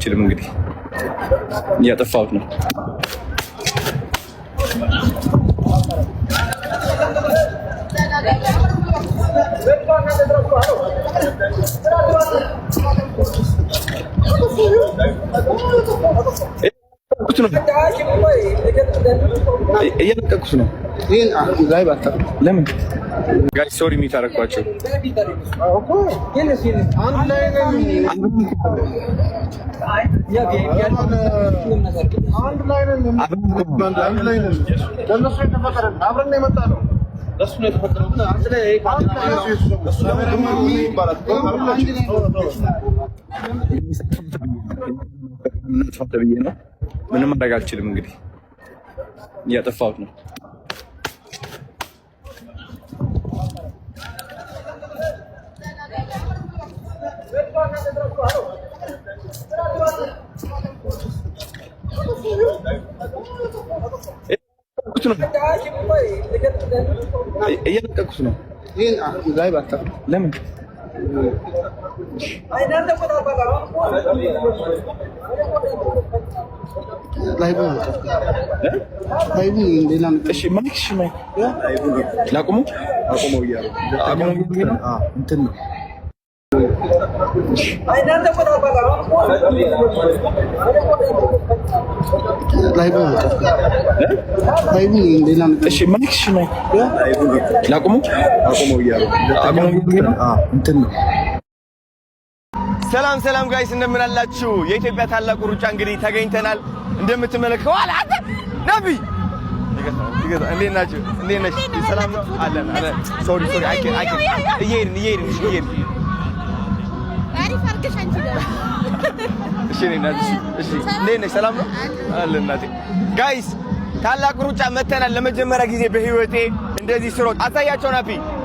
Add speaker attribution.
Speaker 1: Gel Mugri. Nihat Faulkner. కూర్చున్నాం e, కూర్చున్నాం e, ለምን ሶሪ የሚታረኳቸው ምንም ማድረግ አልችልም። እንግዲህ እያጠፋሁት ነው። እየለቀኩት ነው
Speaker 2: እየለቀኩት ነው።
Speaker 1: ለምን ላቁሙ?
Speaker 2: አቁሙ እያሉ እንትን ነው ሰላም
Speaker 1: ሰላም ጋይስ እንደምን አላችሁ? የኢትዮጵያ ታላቁ ሩጫ እንግዲህ ተገኝተናል። እንደምትመለከቱ አላ አንተ ነብይ እንዴት ናችሁ? እንዴት ነሽ? ሰላም ነው አለን። ሶሪ ሶሪ፣ እየሄድን እየሄድን እየሄድን ሰላም ነው እናቴ። ጋይስ ታላቅ ሩጫ መተናል። ለመጀመሪያ ጊዜ በህይወቴ እንደዚህ ስሮጥ አሳያቸው ናፒ